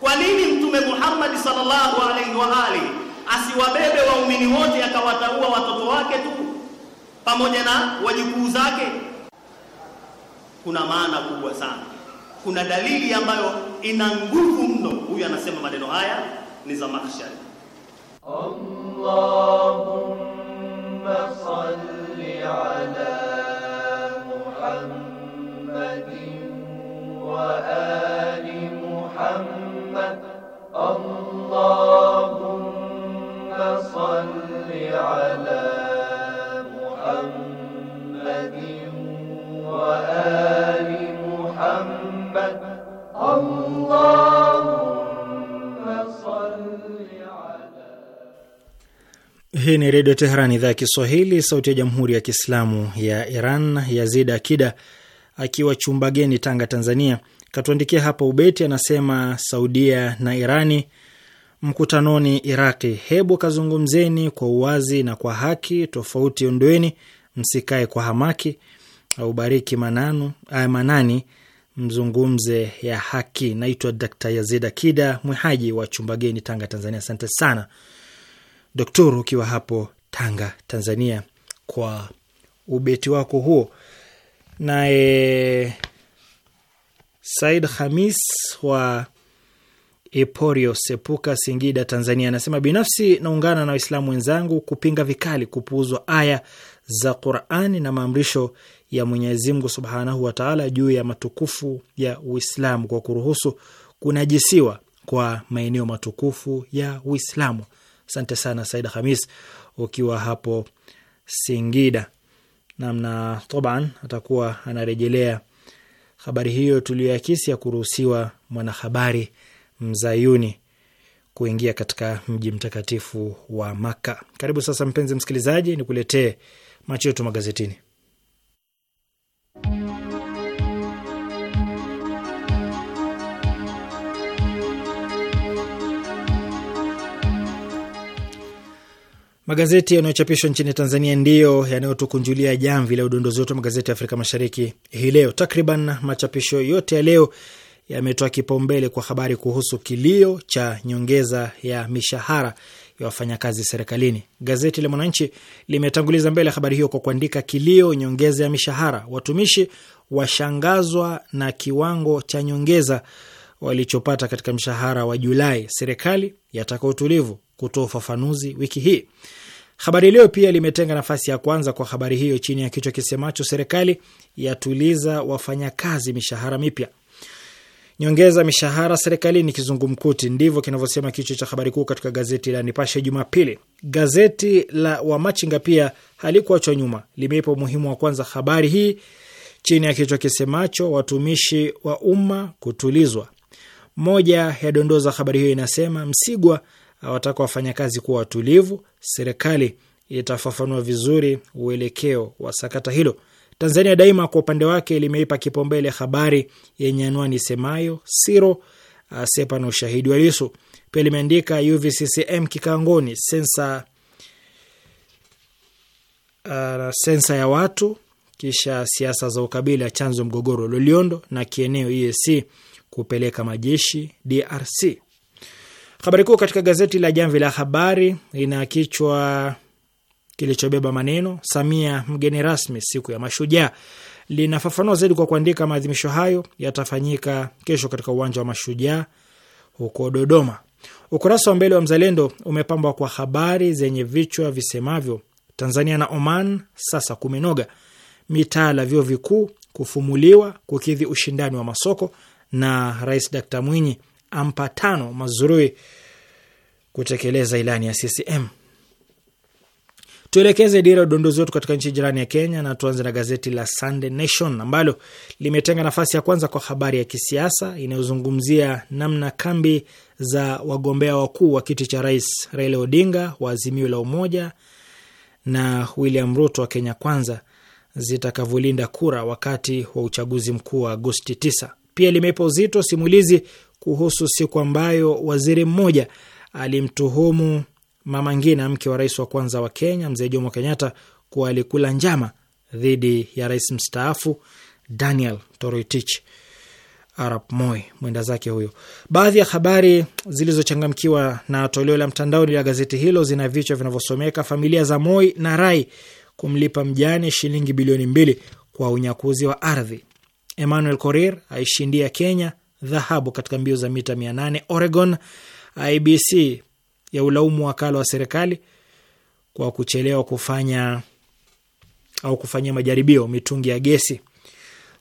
[SPEAKER 3] Kwa nini Mtume Muhammad sallallahu alayhi wa alihi asiwabebe waumini wote akawataua watoto wake tu pamoja na wajukuu zake, kuna maana kubwa sana, kuna dalili ambayo ina nguvu mno. Huyu anasema maneno haya ni za Makhshari. Allahumma
[SPEAKER 2] Hii ni Redio Teheran, idhaa ya Kiswahili, sauti ya Jamhuri ya Kiislamu ya Iran. Yazid Akida akiwa Chumbageni, Tanga, Tanzania, katuandikia hapa ubeti, anasema Saudia na Irani mkutanoni Iraqi, hebu kazungumzeni kwa uwazi na kwa haki, tofauti ondweni, msikae kwa hamaki, aubariki mananu, ay eh, manani, mzungumze ya haki. Naitwa Dr Yazid Akida Mwehaji wa Chumbageni, Tanga, Tanzania. Asante sana Doktor, ukiwa hapo Tanga, Tanzania, kwa ubeti wako huo. Naye Said Hamis wa Eporio Sepuka, Singida, Tanzania, anasema binafsi naungana na Waislamu wenzangu kupinga vikali kupuuzwa aya za Qurani na maamrisho ya Mwenyezi Mungu subhanahu wa taala juu ya matukufu ya Uislamu kwa kuruhusu kunajisiwa kwa maeneo matukufu ya Uislamu. Asante sana Saida Hamis ukiwa hapo Singida. Namna Toban atakuwa anarejelea habari hiyo tuliyoakisi ya kuruhusiwa mwanahabari mzayuni kuingia katika mji mtakatifu wa Maka. Karibu sasa, mpenzi msikilizaji, nikuletee macho yetu magazetini. Magazeti yanayochapishwa nchini Tanzania ndiyo yanayotukunjulia jamvi la udondozi wetu wa magazeti ya Afrika Mashariki hii leo. Takriban machapisho yote ya leo yametoa kipaumbele kwa habari kuhusu kilio cha nyongeza ya mishahara ya wafanyakazi serikalini. Gazeti la Mwananchi limetanguliza mbele habari hiyo kwa kuandika kilio, nyongeza ya mishahara, watumishi washangazwa na kiwango cha nyongeza walichopata katika mshahara wa Julai. Serikali yataka utulivu kutoa ufafanuzi wiki hii. Habari Leo pia limetenga nafasi ya kwanza kwa habari hiyo chini ya kichwa kisemacho serikali yatuliza wafanyakazi mishahara mipya. Nyongeza mishahara serikalini kizungumkuti, ndivyo kinavyosema kichwa cha habari kuu katika gazeti la Nipashe Jumapili. Gazeti la Wamachinga pia halikuachwa nyuma, limeipa umuhimu wa kwanza habari hii chini ya kichwa kisemacho watumishi wa umma kutulizwa, moja ya dondoo za habari hiyo inasema Msigwa awataka wafanyakazi kuwa watulivu, serikali itafafanua vizuri uelekeo wa sakata hilo. Tanzania Daima kwa upande wake limeipa kipaumbele habari yenye anwani semayo Siro asepa na ushahidi wa Lisu. Pia limeandika UVCCM kikangoni, sensa uh, sensa ya watu, kisha siasa za ukabila, chanzo mgogoro Loliondo na kieneo EAC kupeleka majeshi DRC. Habari kuu katika gazeti la Jamvi la Habari ina kichwa kilichobeba maneno Samia mgeni rasmi siku ya Mashujaa. Linafafanua zaidi kwa kuandika, maadhimisho hayo yatafanyika kesho katika uwanja wa Mashujaa huko Dodoma. Ukurasa wa mbele wa Mzalendo umepambwa kwa habari zenye vichwa visemavyo: Tanzania na Oman sasa kumenoga, mitaa la vyuo vikuu kufumuliwa kukidhi ushindani wa masoko, na Rais Dkt Mwinyi ampa tano Mazurui kutekeleza ilani ya CCM. Tuelekeze dira ya udondozi wetu katika nchi jirani ya Kenya na tuanze na gazeti la Sunday Nation ambalo limetenga nafasi ya kwanza kwa habari ya kisiasa inayozungumzia namna kambi za wagombea wakuu wa kiti cha rais Raila Odinga wa Azimio la Umoja na William Ruto wa Kenya Kwanza zitakavyolinda kura wakati wa uchaguzi mkuu wa Agosti 9 pia limeipa uzito simulizi kuhusu siku ambayo waziri mmoja alimtuhumu Mama Ngina, mke wa rais wa kwanza wa Kenya Mzee Jomo Kenyatta, kuwa alikula njama dhidi ya rais mstaafu Daniel Toroitich Arap Moi, mwenda zake huyo. Baadhi ya habari zilizochangamkiwa na toleo la mtandaoni la gazeti hilo zina vichwa vinavyosomeka: familia za Moi na Rai kumlipa mjane shilingi bilioni mbili kwa unyakuzi wa ardhi Emmanuel Korir aishindia Kenya dhahabu katika mbio za mita 800 Oregon. IBC ya ulaumu wakala wa serikali kwa kuchelewa kufanya au kufanyia majaribio mitungi ya gesi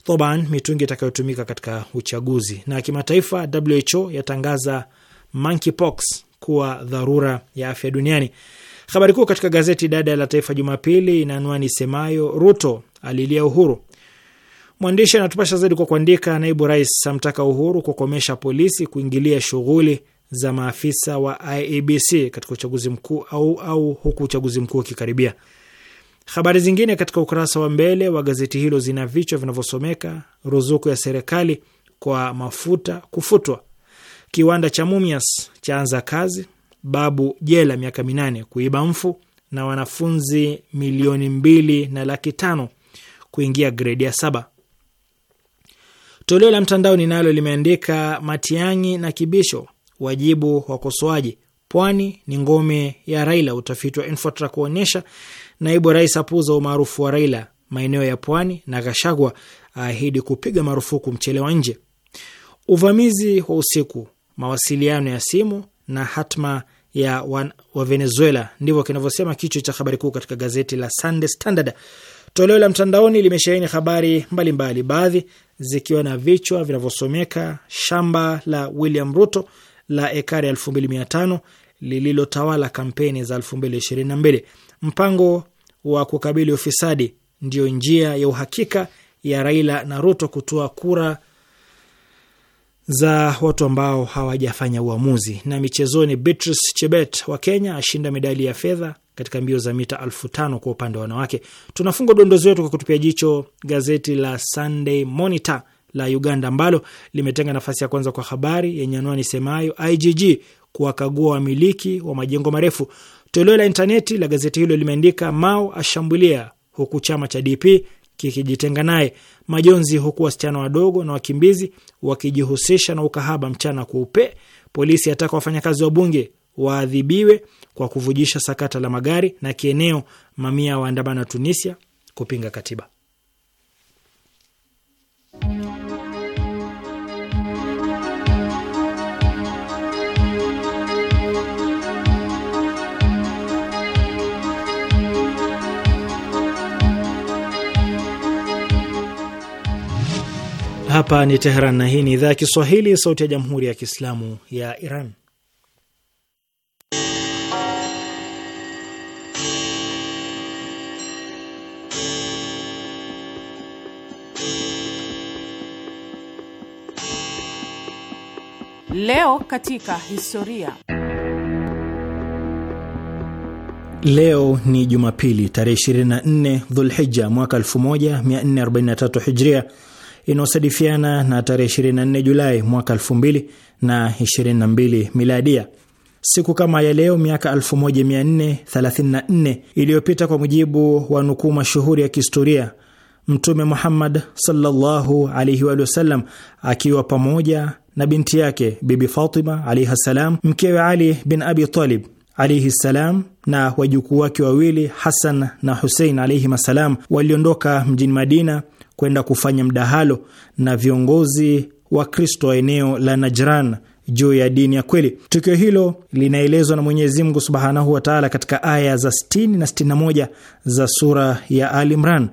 [SPEAKER 2] Thoban, mitungi itakayotumika katika uchaguzi. Na kimataifa, WHO yatangaza monkeypox kuwa dharura ya afya duniani. Habari kuu katika gazeti dada la Taifa Jumapili ina anwani semayo Ruto alilia uhuru. Mwandishi anatupasha zaidi kwa kuandika, naibu rais amtaka Uhuru kukomesha polisi kuingilia shughuli za maafisa wa IEBC katika uchaguzi mkuu au, au huku uchaguzi mkuu ukikaribia. Habari zingine katika ukurasa wa mbele wa gazeti hilo zina vichwa vinavyosomeka ruzuku ya serikali kwa mafuta kufutwa, kiwanda cha Mumias chaanza kazi, babu jela miaka minane kuiba mfu, na wanafunzi milioni mbili na laki tano kuingia gredi ya saba. Toleo la mtandao ninalo limeandika Matiang'i na Kibisho wajibu wa kosoaji. pwani ni ngome ya Raila. Utafiti wa Infotrack kuonyesha naibu rais apuza umaarufu wa Raila maeneo ya pwani, na Gashagwa aahidi kupiga marufuku mchele wa nje. Uvamizi wa usiku, mawasiliano ya simu na hatma ya wan, wa Venezuela, ndivyo kinavyosema kichwa cha habari kuu katika gazeti la Sunday Standard. Toleo la mtandaoni limesheheni habari mbalimbali, baadhi zikiwa na vichwa vinavyosomeka shamba la William Ruto la ekari 2500 lililotawala kampeni za 2022, mpango wa kukabili ufisadi ndiyo njia ya uhakika ya Raila na Ruto kutoa kura za watu ambao hawajafanya uamuzi. Na michezoni, Beatrice Chebet wa Kenya ashinda medali ya fedha katika mbio za mita elfu tano kwa upande wa wanawake. Tunafunga udondozi wetu kwa kutupia jicho gazeti la Sunday Monitor la Uganda ambalo limetenga nafasi ya kwanza kwa habari yenye anwani semayo IGG kuwakagua wamiliki wa majengo marefu. Toleo la intaneti la gazeti hilo limeandika Mao ashambulia huku chama cha DP kikijitenga naye, majonzi huku wasichana wadogo na wakimbizi wakijihusisha na ukahaba mchana kweupe, polisi ataka wafanyakazi wa bunge waadhibiwe kwa kuvujisha sakata la magari, na kieneo mamia waandamana Tunisia kupinga katiba. Hapa ni Teheran na hii ni idhaa ya Kiswahili, sauti ya jamhuri ya kiislamu ya Iran.
[SPEAKER 1] Leo katika historia.
[SPEAKER 2] Leo ni Jumapili tarehe 24 Dhulhija mwaka 1443 Hijria, inayosadifiana na tarehe 24 Julai mwaka 2022 Miladia. Siku kama ya leo miaka 1434 iliyopita, kwa mujibu wa nukuu mashuhuri ya kihistoria, Mtume Muhammad sallallahu alaihi wa sallam akiwa pamoja na binti yake Bibi Fatima alaihi ssalam, mkewe Ali bin Abi Talib alaihi ssalam, na wajukuu wake wawili Hasan na Husein alaihim assalam, waliondoka mjini Madina kwenda kufanya mdahalo na viongozi wa Kristo wa eneo la Najran juu ya dini ya kweli. Tukio hilo linaelezwa na Mwenyezi Mungu subhanahu wa taala katika aya za 60 na 61 za sura ya al Imran.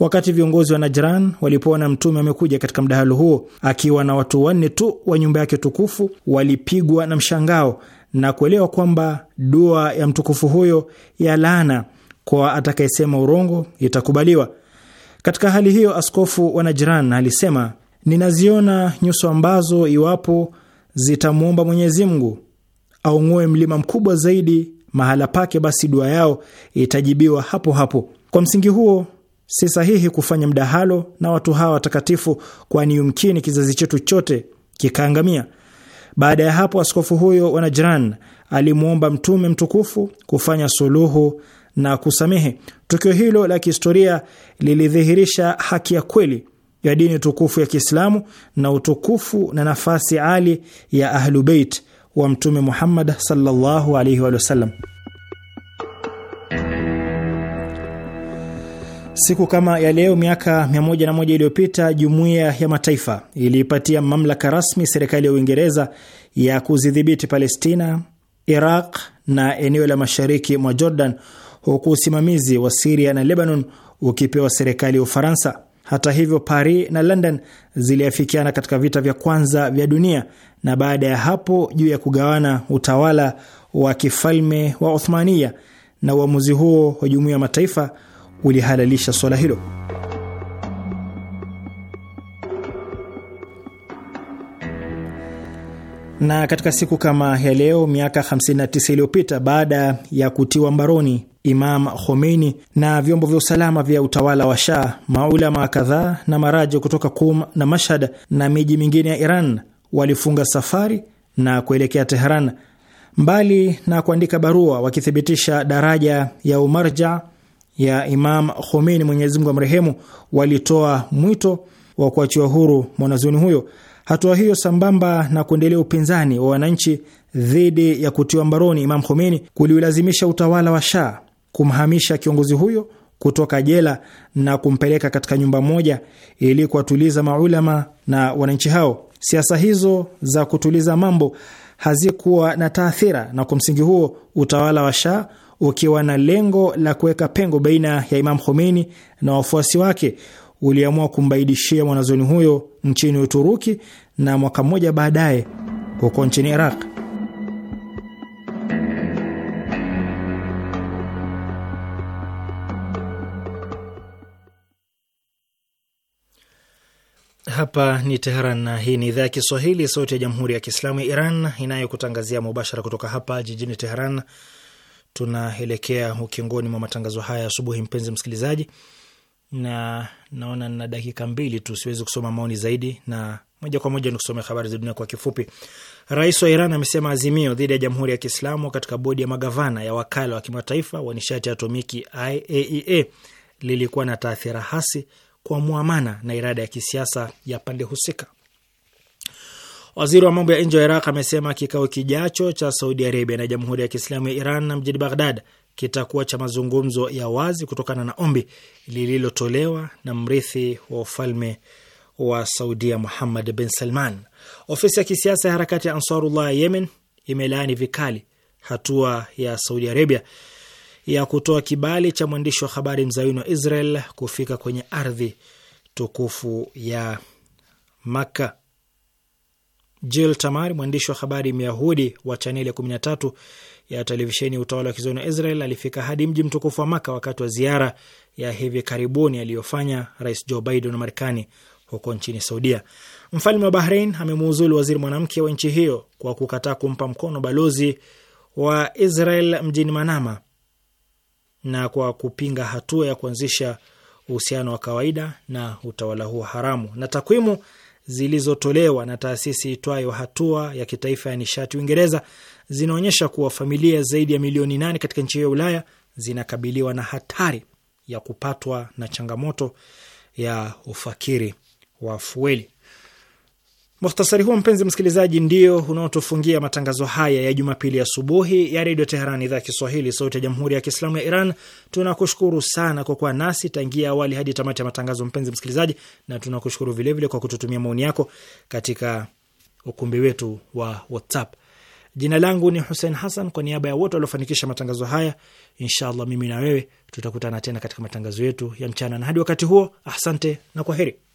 [SPEAKER 2] Wakati viongozi wa Najran walipoona mtume amekuja katika mdahalo huo akiwa na watu wanne tu wa nyumba yake tukufu, walipigwa na mshangao na kuelewa kwamba dua ya mtukufu huyo ya laana kwa atakayesema urongo itakubaliwa. Katika hali hiyo, askofu wa Najran alisema, ninaziona nyuso ambazo iwapo zitamwomba Mwenyezi Mungu aung'oe mlima mkubwa zaidi mahala pake, basi dua yao itajibiwa hapo hapo. Kwa msingi huo si sahihi kufanya mdahalo na watu hawa watakatifu, kwani yumkini kizazi chetu chote kikaangamia. Baada ya hapo, askofu huyo wa Najran alimwomba Mtume mtukufu kufanya suluhu na kusamehe. Tukio hilo la kihistoria lilidhihirisha haki ya kweli ya dini tukufu ya Kiislamu na utukufu na nafasi ali ya Ahlubeit wa Mtume Muhammad sallallahu alaihi wasallam. Siku kama ya leo miaka 101 iliyopita jumuiya ya mataifa iliipatia mamlaka rasmi serikali ya Uingereza ya kuzidhibiti Palestina, Iraq na eneo la mashariki mwa Jordan, huku usimamizi wa Siria na Lebanon ukipewa serikali ya Ufaransa. Hata hivyo, Paris na London ziliafikiana katika vita vya kwanza vya dunia na baada ya hapo juu ya kugawana utawala wa kifalme wa Othmania, na uamuzi huo wa jumuiya ya mataifa ulihalalisha swala hilo. Na katika siku kama ya leo miaka 59 iliyopita, baada ya kutiwa mbaroni Imam Khomeini na vyombo vya usalama vya utawala wa Shah, maulama kadhaa na maraji kutoka Kum na Mashhad na miji mingine ya Iran walifunga safari na kuelekea Teheran. Mbali na kuandika barua wakithibitisha daraja ya umarja ya Imam Khomeini, Mwenyezi Mungu amrehemu, walitoa mwito wa kuachiwa huru mwanazuoni huyo. Hatua hiyo sambamba na kuendelea upinzani wa wananchi dhidi ya kutiwa mbaroni Imam Khomeini kuliulazimisha utawala wa Shah kumhamisha kiongozi huyo kutoka jela na kumpeleka katika nyumba moja ili kuwatuliza maulama na wananchi hao. Siasa hizo za kutuliza mambo hazikuwa na taathira, na kwa msingi huo utawala wa Shah ukiwa na lengo la kuweka pengo baina ya Imam Khomeini na wafuasi wake, uliamua kumbaidishia mwanazoni huyo nchini Uturuki na mwaka mmoja baadaye huko nchini Iraq. Hapa ni Teheran na hii ni idhaa ya Kiswahili, sauti ya jamhuri ya kiislamu ya Iran inayokutangazia mubashara kutoka hapa jijini Teheran tunaelekea ukingoni mwa matangazo haya asubuhi, mpenzi msikilizaji, na naona na dakika mbili tu, siwezi kusoma maoni zaidi, na moja kwa moja nikusomea habari za dunia kwa kifupi. Rais wa Iran amesema azimio dhidi ya Jamhuri ya Kiislamu katika bodi ya magavana ya wakala wa kimataifa wa nishati ya atomiki IAEA e lilikuwa na taathira hasi kwa muamana na irada ya kisiasa ya pande husika. Waziri wa mambo ya nje wa Iraq amesema kikao kijacho cha Saudi Arabia na Jamhuri ya Kiislamu ya Iran na mjini Baghdad kitakuwa cha mazungumzo ya wazi kutokana na ombi lililotolewa na mrithi wa ufalme wa Saudia Muhammad bin Salman. Ofisi ya kisiasa ya harakati ya Ansarullah ya Yemen imelaani vikali hatua ya Saudi Arabia ya kutoa kibali cha mwandishi wa habari mzayuni wa Israel kufika kwenye ardhi tukufu ya Makka. Jill Tamar, mwandishi wa habari myahudi wa chaneli ya 13 ya televisheni ya utawala wa kizoni wa Israel, alifika hadi mji mtukufu wa Maka wakati wa ziara ya hivi karibuni aliyofanya Rais Joe Biden wa Marekani huko nchini Saudia. Mfalme wa Bahrain amemuuzulu waziri mwanamke wa nchi hiyo kwa kukataa kumpa mkono balozi wa Israel mjini Manama na kwa kupinga hatua ya kuanzisha uhusiano wa kawaida na utawala huo haramu. Na takwimu zilizotolewa na taasisi itwayo Hatua ya Kitaifa ya Nishati Uingereza zinaonyesha kuwa familia zaidi ya milioni nane katika nchi hiyo ya Ulaya zinakabiliwa na hatari ya kupatwa na changamoto ya ufakiri wa fueli. Muhtasari huo mpenzi msikilizaji, ndio unaotufungia matangazo haya ya Jumapili asubuhi ya ya redio Teheran, idhaa ya Kiswahili, sauti ya jamhuri ya kiislamu ya Iran. Tunakushukuru sana kwa kuwa nasi tangia awali hadi tamati ya matangazo, mpenzi msikilizaji, na tunakushukuru vilevile kwa kututumia maoni yako katika ukumbi wetu wa WhatsApp. Jina langu ni Hussein Hassan, kwa niaba ya wote waliofanikisha matangazo haya. Inshallah mimi na wewe tutakutana tena katika matangazo yetu ya mchana, na hadi wakati huo, asante na kwaheri.